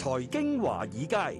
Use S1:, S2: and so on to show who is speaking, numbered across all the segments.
S1: 財經華
S2: 爾街，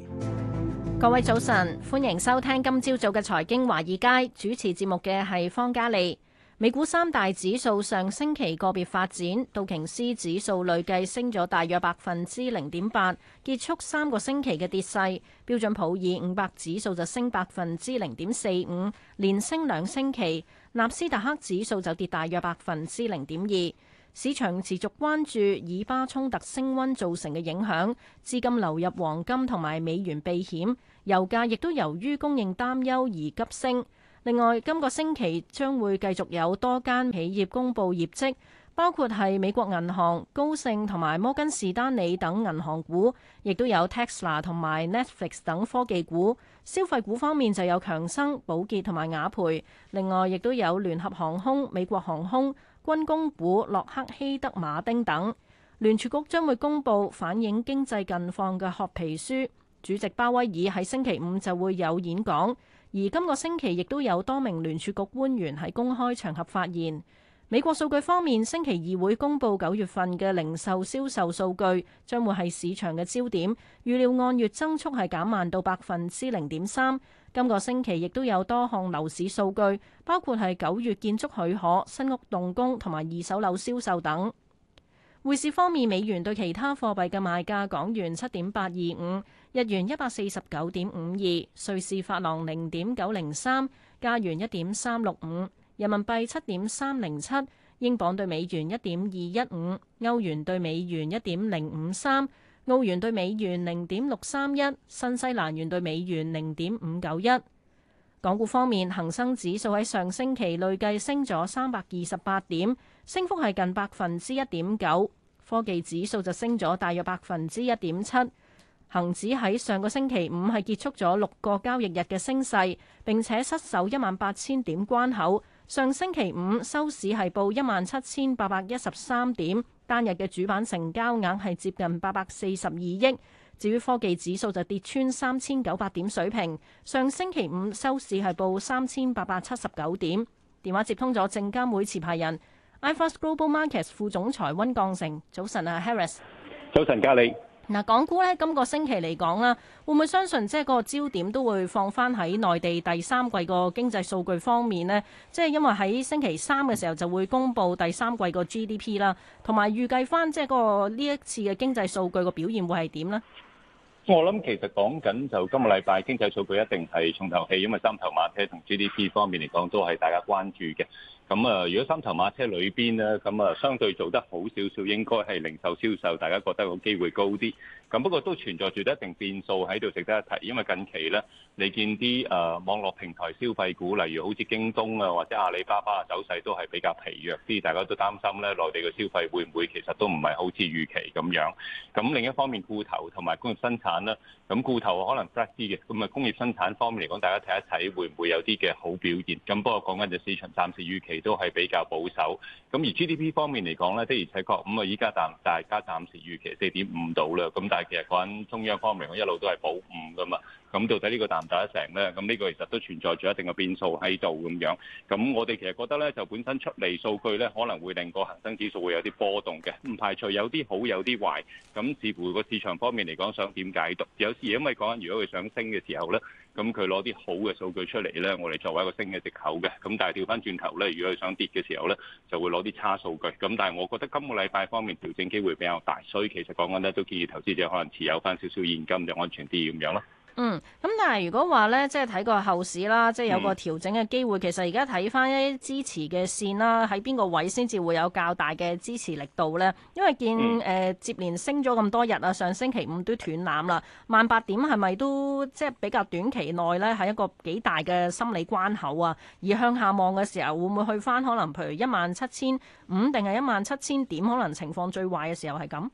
S2: 各位早晨，歡迎收聽今朝早嘅財經華爾街。主持節目嘅係方嘉利。美股三大指數上星期個別發展，道瓊斯指數累計升咗大約百分之零點八，結束三個星期嘅跌勢。標準普爾五百指數就升百分之零點四五，連升兩星期。納斯達克指數就跌大約百分之零點二。市場持續關注以巴衝突升溫造成嘅影響，資金流入黃金同埋美元避險，油價亦都由於供應擔憂而急升。另外，今個星期將會繼續有多間企業公布業績，包括係美國銀行、高盛同埋摩根士丹利等銀行股，亦都有 Tesla 同埋 Netflix 等科技股。消費股方面就有強生、寶潔同埋雅培，另外亦都有聯合航空、美國航空。軍工股洛克希德馬丁等，聯儲局將會公布反映經濟近況嘅褐皮書，主席鮑威爾喺星期五就會有演講，而今個星期亦都有多名聯儲局官員喺公開場合發言。美國數據方面，星期二會公布九月份嘅零售銷售數據，將會係市場嘅焦點，預料按月增速係減慢到百分之零點三。今個星期亦都有多項樓市數據，包括係九月建築許可、新屋動工同埋二手樓銷售等。匯市方面，美元對其他貨幣嘅賣價：港元七點八二五，日元一百四十九點五二，瑞士法郎零點九零三，加元一點三六五，人民幣七點三零七，英鎊對美元一點二一五，歐元對美元一點零五三。澳元兌美元零點六三一，新西蘭元兌美元零點五九一。港股方面，恒生指數喺上星期累計升咗三百二十八點，升幅係近百分之一點九。科技指數就升咗大約百分之一點七。恒指喺上個星期五係結束咗六個交易日嘅升勢，並且失守一萬八千點關口。上星期五收市係報一萬七千八百一十三點。單日嘅主板成交額係接近八百四十二億。至於科技指數就跌穿三千九百點水平，上星期五收市係報三千八百七十九點。電話接通咗證監會持牌人 iFast Global Markets 副總裁温鋼成，早晨啊，Harris。
S1: 早晨，加你。
S2: 嗱，港股咧今個星期嚟講啦，會唔會相信即係個焦點都會放翻喺內地第三季個經濟數據方面呢？即係因為喺星期三嘅時候就會公布第三季個 GDP 啦，同埋預計翻即係嗰呢一次嘅經濟數據個表現會係點呢？
S1: 我諗其實講緊就今個禮拜經濟數據一定係重頭戲，因為三頭馬車同 GDP 方面嚟講都係大家關注嘅。咁啊，如果三頭馬車裏邊呢，咁啊相對做得好少少，應該係零售銷售，大家覺得個機會高啲。咁不過都存在住一定變數喺度，值得一提。因為近期呢，你見啲誒網絡平台消費股，例如好似京東啊或者阿里巴巴走勢都係比較疲弱啲，大家都擔心呢內地嘅消費會唔會其實都唔係好似預期咁樣。咁另一方面，固投同埋工業生產啦，咁固投可能 f 得啲嘅，咁啊工業生產方面嚟講，大家睇一睇會唔會有啲嘅好表現？咁不過講緊就市場暫時預期。都係比較保守，咁而 GDP 方面嚟講咧，的而且確，咁啊依家暫大家暫時預期四點五度啦。咁但係其實講緊中央方面，我一路都係保五噶嘛。咁到底呢個達唔達得成呢？咁呢個其實都存在住一定嘅變數喺度咁樣。咁我哋其實覺得呢，就本身出嚟數據呢可能會令個恒生指數會有啲波動嘅，唔排除有啲好，有啲壞。咁似乎個市場方面嚟講，想點解讀？有時因為講緊如果佢上升嘅時候呢。咁佢攞啲好嘅數據出嚟呢，我哋作為一個升嘅藉口嘅。咁但係掉返轉頭呢，如果佢想跌嘅時候呢，就會攞啲差數據。咁但係我覺得今個禮拜方面調整機會比較大，所以其實講緊呢，都建議投資者可能持有返少少現金就安全啲咁樣咯。
S2: 嗯，咁但係如果話咧，即係睇個後市啦，即係有個調整嘅機會。嗯、其實而家睇翻一啲支持嘅線啦，喺邊個位先至會有較大嘅支持力度呢？因為見誒、嗯呃、接連升咗咁多日啊，上星期五都斷纜啦，萬八點係咪都即係比較短期內呢？係一個幾大嘅心理關口啊？而向下望嘅時候，會唔會去翻可能譬如一萬七千五定係一萬七千點，可能情況最壞嘅時候係咁？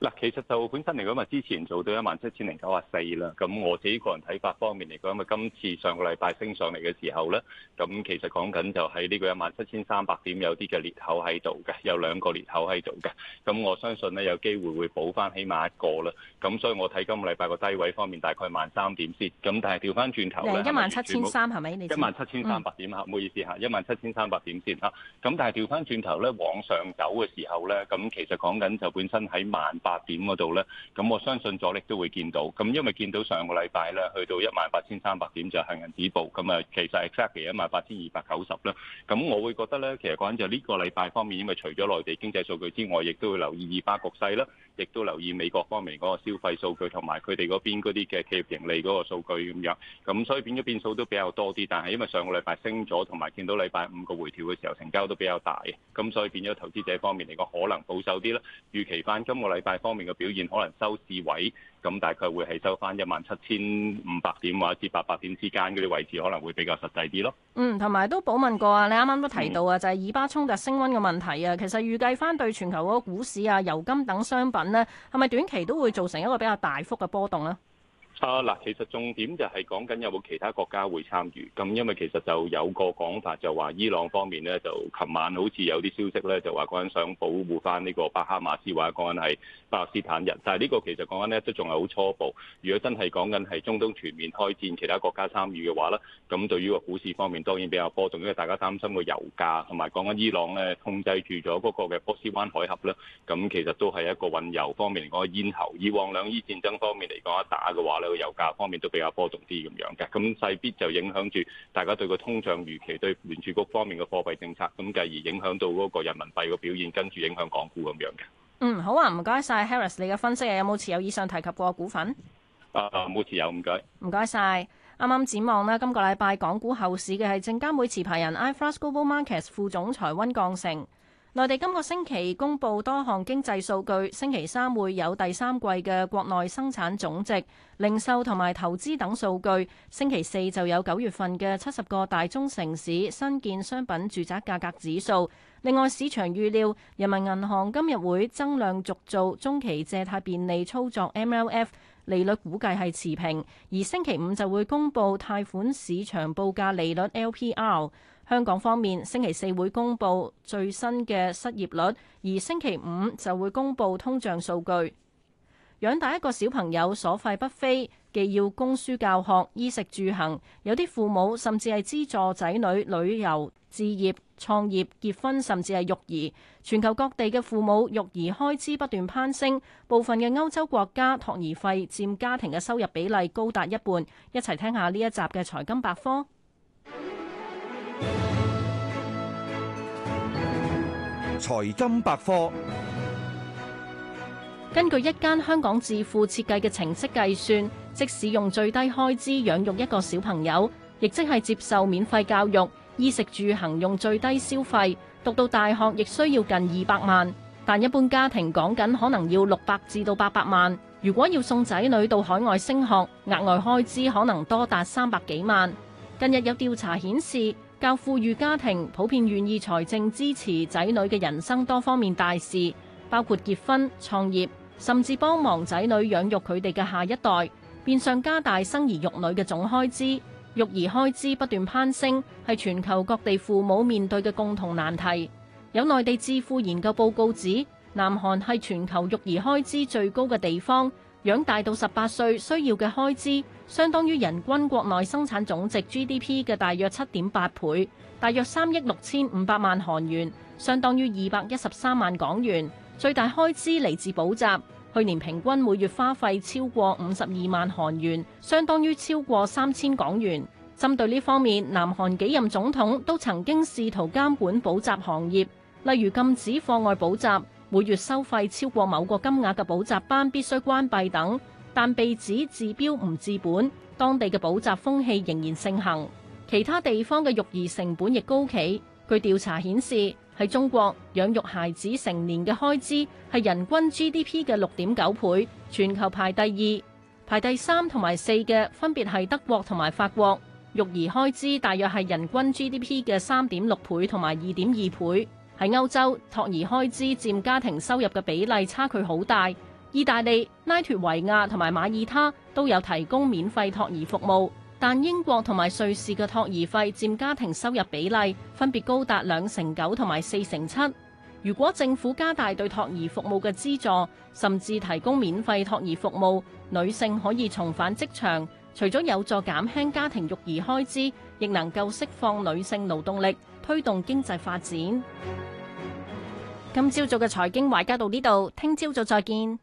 S1: 嗱，其實就本身嚟講，咪之前做到一萬七千零九啊四啦。咁我自己個人睇法方面嚟講，咪今次上個禮拜升上嚟嘅時候咧，咁其實講緊就喺呢個一萬七千三百點有啲嘅裂口喺度嘅，有兩個裂口喺度嘅。咁我相信咧有機會會補翻起碼一個啦。咁所以我睇今個禮拜個低位方面大概萬三點先。咁但係調翻轉頭咧，一萬七千三
S2: 係咪？一萬七千三
S1: 百點嚇，唔好意思嚇，一萬七千三百點先嚇。咁但係調翻轉頭咧往上走嘅時候咧，咁其實講緊就本身喺萬八。八點嗰度咧，咁我相信阻力都會見到。咁因為見到上個禮拜咧，去到一萬八千三百點就行人止步。咁啊，其實 exactly 一萬八千二百九十啦。咁我會覺得咧，其實講緊就呢個禮拜方面，因為除咗內地經濟數據之外，亦都會留意二八局勢啦。亦都留意美國方面嗰個消費數據同埋佢哋嗰邊嗰啲嘅企業盈利嗰個數據咁樣，咁所以變咗變數都比較多啲。但係因為上個禮拜升咗，同埋見到禮拜五個回調嘅時候成交都比較大，咁所以變咗投資者方面嚟講可能保守啲咯。預期翻今個禮拜方面嘅表現可能收市位。咁大概會係收翻一萬七千五百點或者八百點之間嗰啲位置，可能會比較實際啲咯。
S2: 嗯，同埋都補問過啊，你啱啱都提到啊，嗯，就係以巴衝突升溫嘅問題啊，其實預計翻對全球嗰個股市啊、油金等商品呢，係咪短期都會造成一個比較大幅嘅波動呢？
S1: 啊嗱，其實重點就係講緊有冇其他國家會參與。咁因為其實就有個講法就話，伊朗方面呢，就琴晚好似有啲消息呢，就話講緊想保護翻呢個巴哈馬斯或者，講緊係巴勒斯坦人。但係呢個其實講緊呢，都仲係好初步。如果真係講緊係中東全面開戰，其他國家參與嘅話呢，咁對於個股市方面當然比較波動，因為大家擔心個油價同埋講緊伊朗呢，控制住咗嗰個嘅波斯灣海峽呢，咁其實都係一個運油方面嚟講嘅咽喉。以往兩伊戰爭方面嚟講，一打嘅話咧，對油價方面都比較波動啲咁樣嘅，咁勢必就影響住大家對個通脹預期，對聯儲局方面嘅貨幣政策，咁繼而影響到嗰個人民幣嘅表現，跟住影響港股咁
S2: 樣嘅。嗯，好啊，唔該晒，Harris，你嘅分析有冇持有以上提及過股份？
S1: 啊，冇持有，唔該，唔
S2: 該晒。啱啱展望啦，今個禮拜港股後市嘅係證監會持牌人 iFirst Global Markets 副總裁温鋼成。內地今個星期公布多項經濟數據，星期三會有第三季嘅國內生產總值、零售同埋投資等數據。星期四就有九月份嘅七十個大中城市新建商品住宅價格指數。另外，市場預料人民銀行今日會增量續做中期借貸便利操作 （MLF），利率估計係持平。而星期五就會公布貸款市場報價利率 （LPR）。香港方面，星期四會公布最新嘅失業率，而星期五就會公布通脹數據。養大一個小朋友所費不菲，既要供書教學、衣食住行，有啲父母甚至係資助仔女旅遊、置業、創業、結婚，甚至係育兒。全球各地嘅父母育兒開支不斷攀升，部分嘅歐洲國家託兒費佔家庭嘅收入比例高達一半。一齊聽下呢一集嘅財金百科。
S1: 財金百科
S2: 根據一間香港智庫設計嘅程式計算，即使用最低開支養育一個小朋友，亦即係接受免費教育、衣食住行用最低消費，讀到大學亦需要近二百萬。但一般家庭講緊可能要六百至到八百萬。如果要送仔女到海外升學，額外開支可能多達三百幾萬。近日有調查顯示，較富裕家庭普遍願意財政支持仔女嘅人生多方面大事，包括結婚、創業，甚至幫忙仔女養育佢哋嘅下一代，變相加大生兒育女嘅總開支。育兒開支不斷攀升，係全球各地父母面對嘅共同難題。有內地智庫研究報告指，南韓係全球育兒開支最高嘅地方，養大到十八歲需要嘅開支。相當於人均國內生產總值 GDP 嘅大約七點八倍，大約三億六千五百萬韓元，相當於二百一十三萬港元。最大開支嚟自補習，去年平均每月花費超過五十二萬韓元，相當於超過三千港元。針對呢方面，南韓幾任總統都曾經試圖監管補習行業，例如禁止課外補習，每月收費超過某個金額嘅補習班必須關閉等。但被指治標唔治本，當地嘅補習風氣仍然盛行。其他地方嘅育兒成本亦高企。據調查顯示，喺中國養育孩子成年嘅開支係人均 GDP 嘅六點九倍，全球排第二，排第三同埋四嘅分別係德國同埋法國。育兒開支大約係人均 GDP 嘅三點六倍同埋二點二倍。喺歐洲，托兒開支佔家庭收入嘅比例差距好大。意大利、拉脫維亞同埋馬耳他都有提供免費托兒服務，但英國同埋瑞士嘅托兒費佔家庭收入比例分別高達兩成九同埋四成七。如果政府加大對托兒服務嘅資助，甚至提供免費托兒服務，女性可以重返職場，除咗有助減輕家庭育兒開支，亦能夠釋放女性勞動力，推動經濟發展。今朝早嘅財經話交到呢度，聽朝早再見。